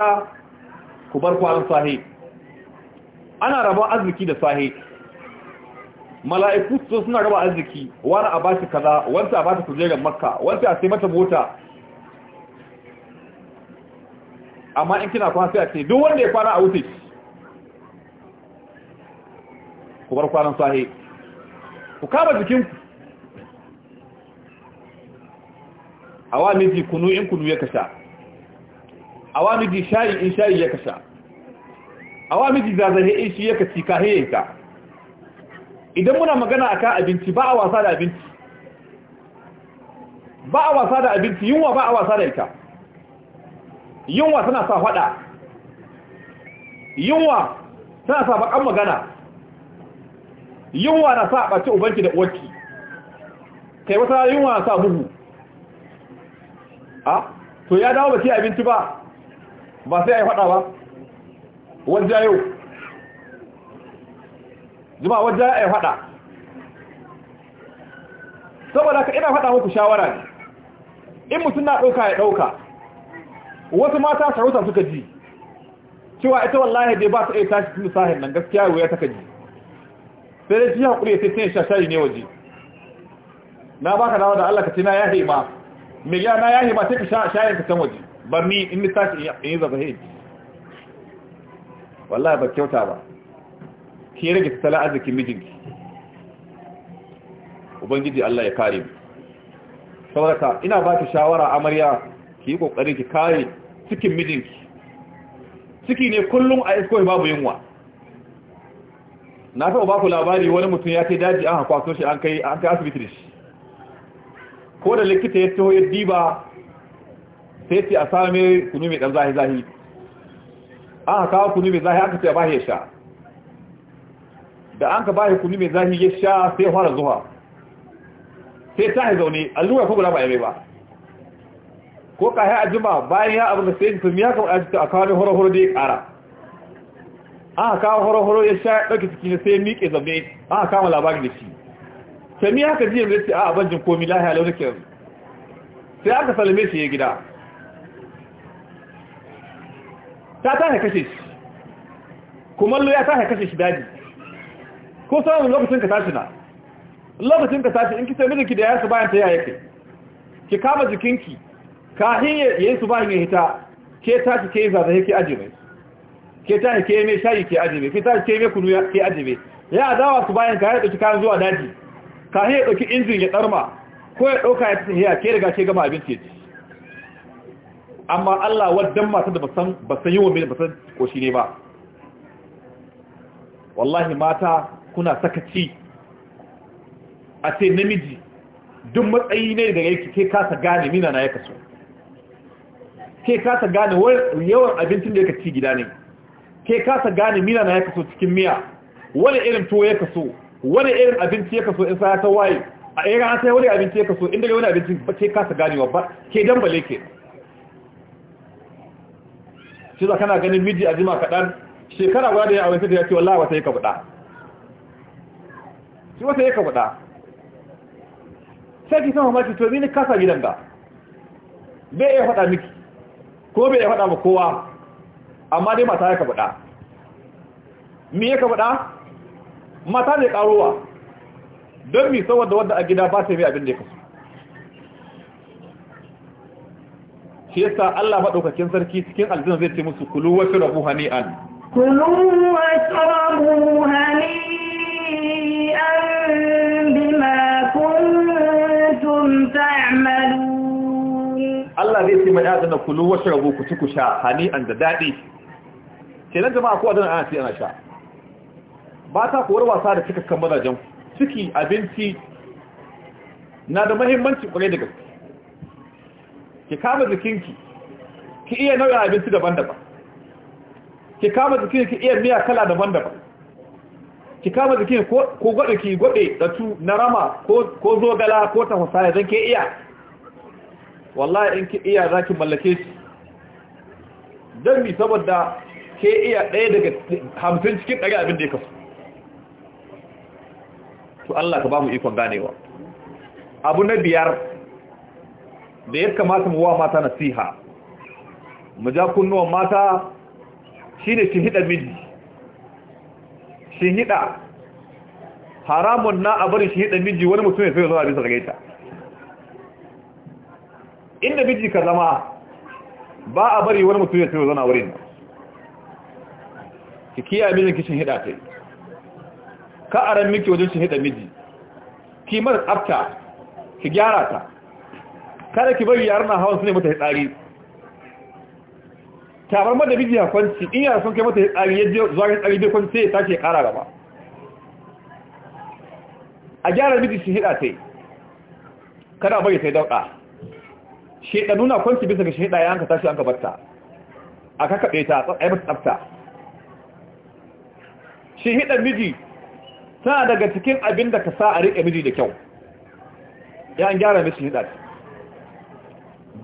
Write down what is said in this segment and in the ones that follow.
ta ku bar kwanan sahi ana raba arziki da sahi mala'iku su suna raba arziki wani a ba shi kaza wanta a ba ta kujera makka wanta a sai mata mota amma in kina kwana sai a ce duk wanda ya kwana a wuce ku bar kwanan sahi ku kama jikinku a wa miji kunu in kunu ya kasha awamiji shayi in shayi ya kasha awamiji zazahe in shi ya kaci ka ya ta idan muna magana akan abinci ba a wasa da abinci ba a wasa da abinci yunwa ba a wasa da ita yunwa tana sa fada yunwa tana sa bakan magana yunwa na sa ɓace ubanki da uwarki kai wata yunwa na sa bugu a ah, to ya dawo ba ce abinci ba ba sai a yi faɗa ba wajen yau Zuma wajen a yi faɗa saboda ka ina faɗa muku shawara ne in mutum na ɗauka ya ɗauka wasu mata sarauta suka ji cewa ita wallahi dai ba su iya tashi tun sahin nan gaskiya wuya ta kaji sai dai shi haƙuri ya ce sha shashari ne waje na baka dawo da Allah ka ce na yahima Me miliya na yahima sai ka shayin ka can waje ba mi in ni tashi in yi zaba hei wallahi ba kyauta ba ki rage tattalin arzikin mijinki ubangiji Allah ya kare mu saboda ina ba ki shawara amarya ki yi kokarin ki kare cikin mijinki ciki ne kullum a iskoi babu yunwa na taɓa ba labari wani mutum ya ce daji an hakwaso shi an kai asibiti shi ko da likita ya taho ya diba sai ce a same kunu mai dan zahi zahi An kawo kunu mai zahi aka ce ba ya sha da an ka bashi kunu mai zahi ya sha sai fara zuwa sai ta yi zaune allura ko guda ba mai ba ko ka a jima bayan ya abu da sai sun ya kam'a ajiyar a kawo ne horo-horo da ya kara An kawo horo-horo ya sha ɗauki ciki ne sai miƙe zaune an aka kama labarin da shi sami haka jiya mai ce a abin jin komi lahiya launin kiyar sai aka salame shi ya gida ta tashi kashe shi kumallo ya tashi kashe shi daji ko samun lokacin ka tashi na lokacin ka tashi in kisa mijinki da yarsu bayan ta yaya kai ki kama jikinki kahin ya yi su bayan ya hita ke tashi ke zaza ke aje mai ke tashi ke mai shayi ke ajiye mai ke tashi ke mai kunu ke ajiye mai ya dawa su bayan ka ya ɗauki kayan zuwa daji ka ya ɗauki injin ya ɗarma ko ya ɗauka ya tafi ya ke riga ke gama abinci ya ci amma Allah wadda masu da basan basan wa mai basan koshi ne ba wallahi mata kuna sakaci a ce namiji duk matsayi ne daga yake ke kasa gane mina na ya kaso ke kasa gane yawan abincin da ya kaci gida ne ke kasa gane mina na ya kaso cikin miya wani irin tuwo ya kaso wani irin abinci ya kaso in sa ya tawaye a irin an sai wani abinci ya kaso inda wani abinci ba ke kasa ganewa ba ke dambale ke shi za kana ganin miji a jima kaɗan shekara guda da ya aure ta ya ce wallawa wata yi ka buɗa shi wata yi ka buɗa sai ki san mamaki to ni kasa gidan ga. bai ya faɗa miki ko bai ya faɗa ma kowa amma dai mata ya ka buɗa me ya ka buɗa mata ne ƙarowa don mi saboda wadda a gida ba ta yi abin da ya kasu shi yasa Allah madaukakin sarki cikin aljanna zai ce musu kulu wa shrabu hani'an kulu wa shrabu hani'an bima kuntum ta'malun Allah zai ce mai na kulu wa shrabu ku ci ku sha hani'an da dadi kenan jama'a ku adana ana ci ana sha ba ta kuwar wasa da cikakken mazajen ciki abinci na da muhimmanci kwarai da gaske ki kama jikinki ki iya nau'in abinci daban-daban ki kama jikinki ki iya miya kala daban-daban ki kama jikin ko gwada ki gwade da tu na rama ko zogala ko tafasaya zan ke iya wallahi in ki iya za ki mallake shi don mi saboda ke iya ɗaya daga hamsin cikin ɗari abin da ya kasu to Allah ka ba mu ikon ganewa abu na biyar da ya kamata mu wa mata nasiha mu ja kunnuwan mata shine shi hida miji shi hida haramun na a bari shi hida miji wani mutum ya fi zuwa bisa ita inda miji ka zama ba a bari wani mutum ya fi zuwa wurin ki kiyaye mijin kishin hida ta ka aran miki wajen shi hida miji ki mara tsabta ki gyara ta kada ki bari yaran na hawan su ne mata hitsari tabar biji a kwanci in yara sun kai mata hitsari, ya zuwa hitsari tsari bai kwanci sai ya tashi ya kara gaba a gyara miji shi hida ta yi kada bari sai dauka da nuna kwanci bisa ga sheda ya hanka tashi an gabata a kakaɓe ta a yi mata tsafta shi hida miji tana daga cikin abin da ka sa a riƙe miji da kyau ya an gyara miji hida ta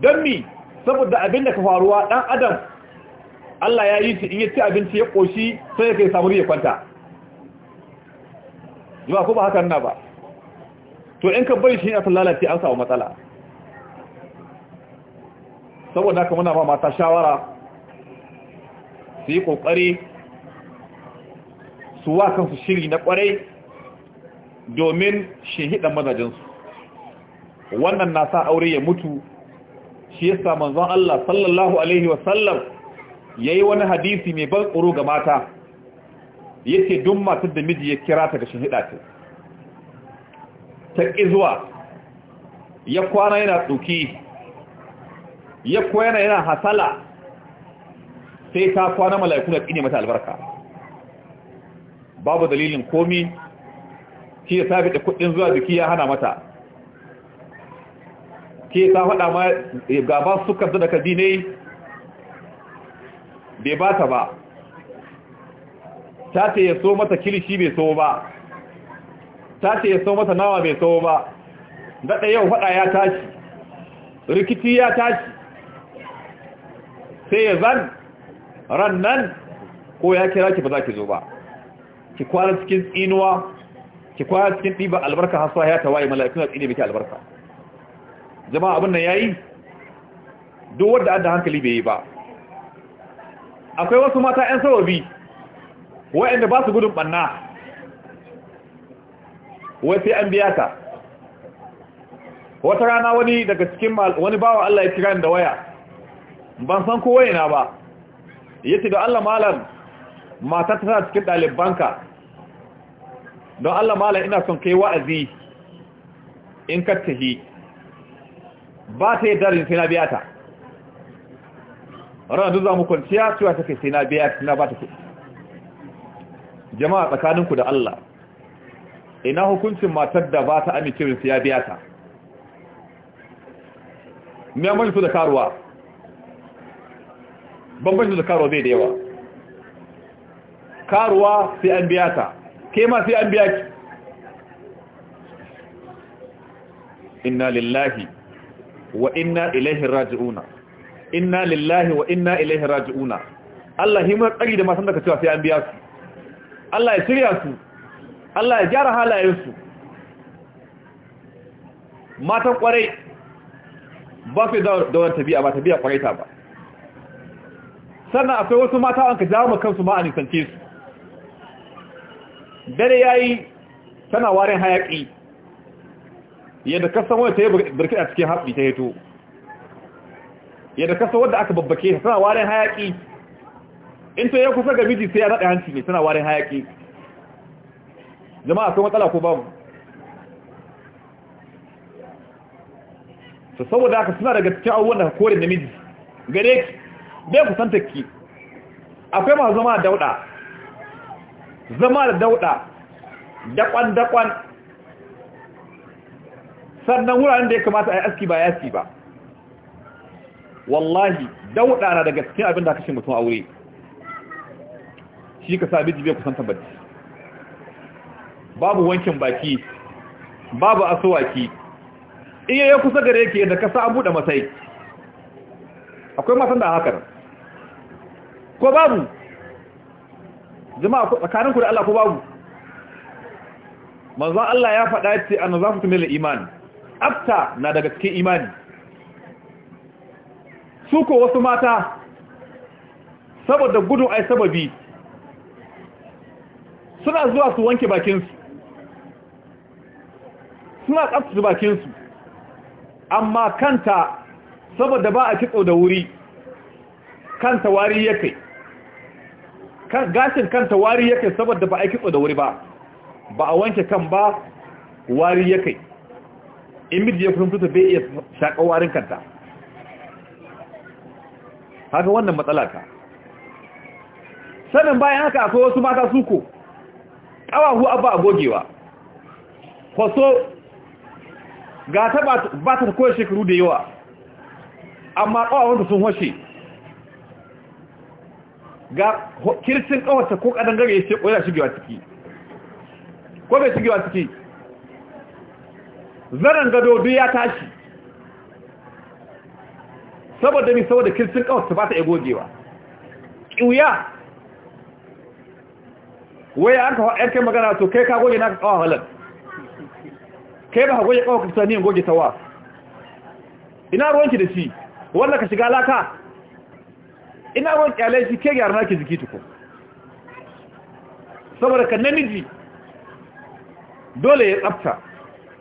don mi saboda abin da ka faruwa ɗan adam Allah ya yi shi in ya ci abinci ya ƙoshi sai ya kai samun ya kwanta zuwa ko ba haka na ba to in ka bai shi a lalace an samu matsala saboda haka muna ba mata shawara su yi ƙoƙari su wa kansu shiri na ƙwarai domin shi hidan mazajinsu wannan na sa aure ya mutu shi yasa manzon Allah sallallahu alaihi wa sallam yayi wani hadisi mai ban tsoro ga mata yace duk matar da miji ya kira ta ga shahida ta ta zuwa ya kwana yana tsoki, ya kwana yana hasala sai ta kwana mala'iku da kine mata albarka babu dalilin komi shi ya sabi da kudin zuwa biki ya hana mata ke ta faɗa ma eh, gaba suka da ka ne bai ba ta ba ta ce ya so mata kilishi bai so ba ta ce ya so mata nawa bai so ba daɗa yau faɗa ya tashi rikici ya tashi sai ya zan ran nan ko ya kira ki ba za ki zo ba ki kwana cikin tsinuwa ki kwana cikin ɗiba albarka hasuwa ya tawaye mala'ikun da tsine biki albarka jama'a abin nan yi duk wanda adda hankali bai yi ba akwai wasu mata yan sababi wayanda ba su gudun banna wai sai an biya ka wata rana wani daga cikin wani bawa Allah ya kira da waya ban san ko na ba yace da Allah malam mata tana cikin ɗalibanka don Allah malam ina son kai wa'azi in ka tahi ba ta yi darin sai na biya ta ranar duk za mu kwanciya cewa ta ke sai na biya ta ba ta kuɗi jama'a tsakaninku da Allah ina hukuncin matar da ba ta amincewa sai ya biya ta me amince su da karuwa bambanci da karuwa zai da yawa karuwa sai an biya ta ke ma sai an biya ki inna lillahi wa inna ilaihi raji'una inna lillahi wa inna ilaihi raji'una Allah yi mun tsari da masu daga cewa sai an biya su Allah ya shirya su Allah ya gyara su. matan kware ba su da wani tabi'a ba biya kware ta ba sannan akwai wasu mata an ka jawo kansu ma a nisance su dare ya yi tana warin hayaki. yadda kasan wadda ta yi birki a cikin haɓi ta hito yadda kasan wadda aka babbake ta tana warin hayaƙi in ta yi kusa ga miji sai ya naɗa hanci ne tana warin hayaƙi jama'a sun matsala ko babu su saboda aka suna daga cikin abubuwan da kore namiji gare ki bai kusanta ki akwai masu zama da dauɗa zama da dauɗa dakwan-dakwan sannan wuraren da ya kamata a yi aski ba ya ci ba wallahi dauɗa na daga cikin abin da aka shi mutum aure shi ka sa biji biyar kusan tabbaci babu wankin baki babu asuwaki iya ya kusa gare yake da ka sa buɗe masai akwai matan da hakan ko babu jama'a tsakanin ku da Allah ko babu manzo Allah ya faɗa ce an za su tumila imani tsabta na daga cikin imani su ko wasu mata saboda gudun ai sababi suna zuwa su wanke bakinsu suna tsaftace bakinsu amma kanta saboda ba a kitso da wuri kanta wari ya kai gashin kanta wari ya kai saboda ba a kitso da wuri ba ba a wanke kan ba wari ya kai in miji ya furfuta bai iya shakawarin kanta haka wannan matsala ka sannan bayan haka akwai wasu mata suko kawahu abu a gogewa kwaso ga ta ba ta koyar shekaru da yawa amma ƙawawanta sun hoshe ga kircin ƙawarta ko ƙadangare ya ce ƙwaya shigewa ciki ko bai shigewa ciki zaren gado duk ya tashi saboda mi saboda kirsin kawai ba ta iya gogewa waya an kawo ‘yarkar magana to kai ka goge na kawo halar kai ba ka goge kawo kusa niyan goge wa? ina ruwanki da shi wanda ka shiga laka ina ruwan ƙyalai shi ke gyara naki jiki tuku saboda ka namiji dole ya tsabta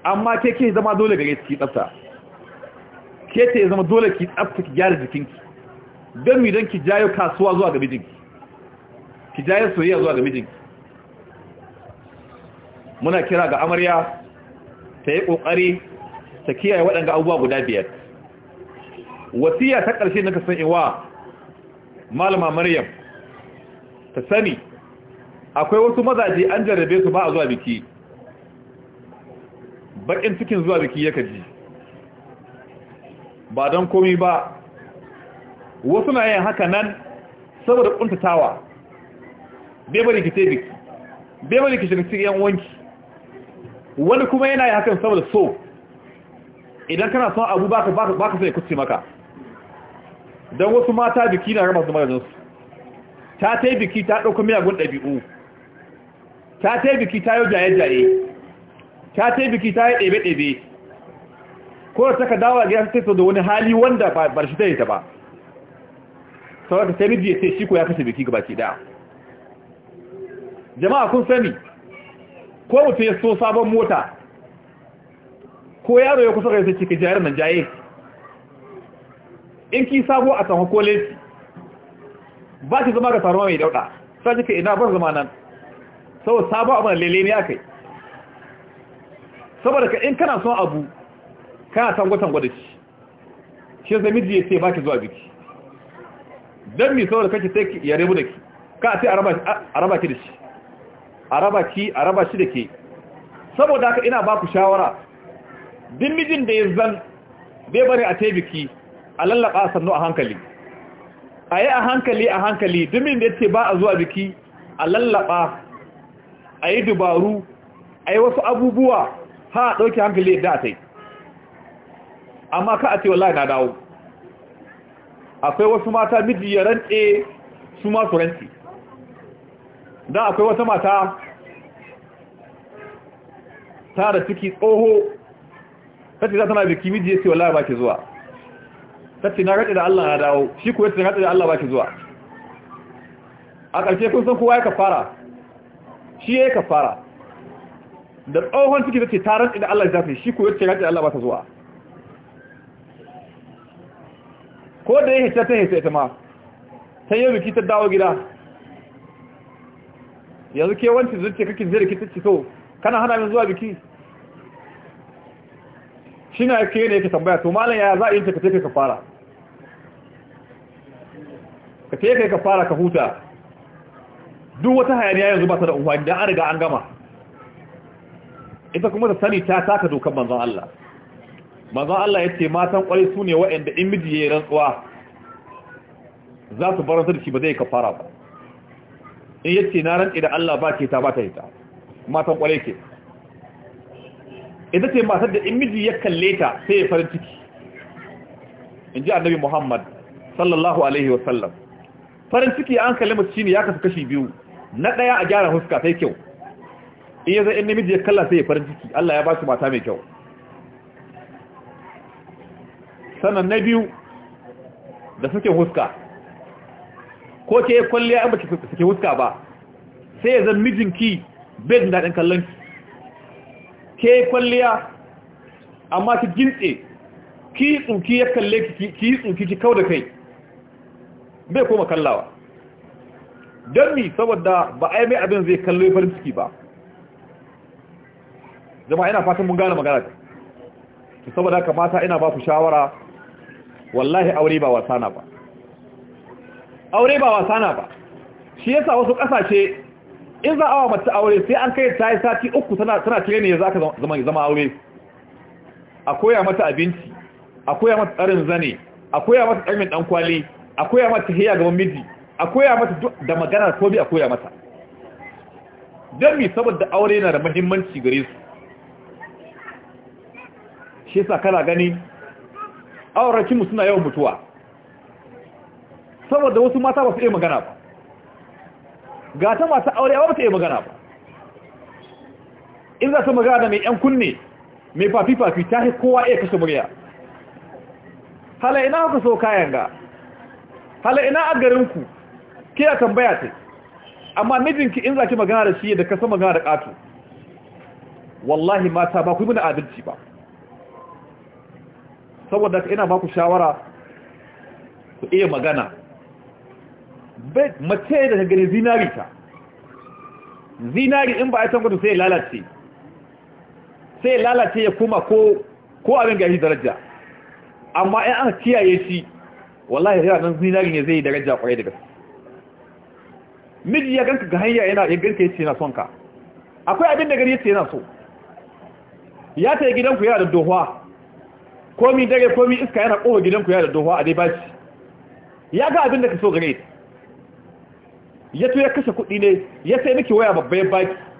amma ke ke zama dole gare ki tsafta ke ce zama dole ki tsafta ki gyara jikinki don mi don ki jayo kasuwa zuwa ga mijinki ki jayo soyayya zuwa ga mijinki muna kira ga amarya ta yi kokari ta kiyaye waɗanda abubuwa guda biyar wasiya ta ƙarshe na kasan iwa malama maryam ta sani akwai wasu mazaje an jarrabe su ba a zuwa biki bakin cikin zuwa jiki ya kaji ba don komi ba wasu na yin haka nan saboda kuntatawa bai bari ki tebi bai bari ki shiga yan wanki wani kuma yana yin hakan saboda so idan kana son abu baka baka sai kuce maka don wasu mata biki na rama su maganinsu ta ta biki ta ɗauka miyagun ɗabi'u ta ta biki ta yau jaye-jaye ta ce biki ta yi ɗebe-ɗebe ko da ta dawa a gida ta da wani hali wanda ba shi ta yi ta ba saurata ta miji ya ce shi ko ya kashe biki gabaki daya jama'a kun sani ko mutum ya so sabon mota ko yaro ya kusa ƙarfi cikin jayar nan jaye in ki sabo a samu kolesi ba ki zama ga taruwa mai dauɗa sai ka ina ban zama nan sau sabo abin lele ne aka kai saboda ka in kana son abu kana tango da shi shi zai miji ya ce baki zuwa biki don mi saboda kake sai ya rebu da ki ka sai a raba ki da shi a raba ki a raba shi da ke saboda haka ina baku shawara duk mijin da ya zan bai bari a ta biki a lallaba sannu a hankali a yi a hankali a hankali duk mijin da ya ce ba a zuwa biki a lallaba a yi dubaru a yi wasu abubuwa ha ɗauki hankali yadda a tai amma ka a ce wallahi na dawo akwai wasu mata miji ya rantse su masu su rantse don akwai wata mata da ciki tsoho kace za ta na biki miji ya ce wallahi ba ke zuwa kace na rantse da Allah na dawo shi kuwa yace na rantse da Allah ba ke zuwa a ƙarshe kun san kowa ya kafara shi ya yi kafara da tsohon ciki zai ce taron idan Allah ya zafi shi ko yace rantsi Allah ba ta zuwa ko da ya hita ta hita ita ma ta yi biki ta dawo gida yanzu ke zai ce kakin zai rikita ci so kana hana min zuwa biki Shi na yake ne yake tambaya to malam ya za a yi ta kafe ka fara ka kai ka fara ka huta duk wata hayaniya yanzu ba ta da uwa idan an riga an gama ita kuma da sani ta taka dokan manzon Allah manzon Allah ya ce matan kwarai su ne waɗanda in miji ya yi rantsuwa za su baranta da shi ba zai kafara ba in ya ce na rantsi da Allah ba ce ta ba ta yi ta matan kwarai ke ita ce matar da in miji ya kalle ta sai ya farin ciki in ji annabi Muhammad sallallahu alaihi wa sallam farin ciki an kalle shi ne ya kasu kashi biyu na daya a gyara huska sai kyau in ya zai in namiji ya kalla sai ya farin ciki Allah ya ba su mata mai kyau sannan na biyu da suke huska ko ke kwalliya an baki suke huska ba sai ya zan mijinki bai jin daɗin kallon ki ke kwalliya amma ki gintse ki yi tsuki ya kalle ki ki tsuki ki kau da kai bai koma kallawa don mi saboda ba a yi mai abin zai kallo farin ciki ba jama'a ina fatan mun gane magana ta saboda haka mata ina ba ku shawara wallahi aure ba wasana ba aure ba wasana ba shi yasa wasu kasashe in za a wa mace aure sai an kai ta yi sati uku tana tana tire ne za ka zama zama aure a koya mata abinci a koya mata tsarin zane a koya mata tsarin dan kwali a koya mata hiya gaban miji a koya mata da magana ko bi a koya mata don mi saboda aure na da muhimmanci gare su shi yasa kana gani aurakinmu suna yawan mutuwa saboda wasu mata ba su iya magana ba ga ta masu aure ba ta iya magana ba in za ta magana da mai yan kunne mai fafi-fafi ta kowa iya kashe murya hala ina haka so kayan ga hala ina a garinku kira tambaya ce amma mijinki in za ki magana da shi da kasa magana da ƙatu. wallahi mata ba ku yi mana adalci ba saboda ina ba ku shawara ku iya magana mace da ta gani zinari ta zinari in ba a tankwata sai ya lalace sai ya lalace ya kuma ko abin gashi daraja amma in aka kiyaye shi wallahi ya nan zinari ne zai yi daraja kwaye daga miji ya ganka ga hanya yana ya ganka ce na son ka akwai abin da gari ce yana so ya ta gidanku yana da dohwa. komi dare komi iska yana kowa gidanku ya da doha a dai baci ya ga abin da ka so gane ya to ya kashe kuɗi ne ya sai nake waya babba ya baki